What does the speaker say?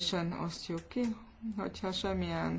Sen osztjuk ki, hogyha semmilyen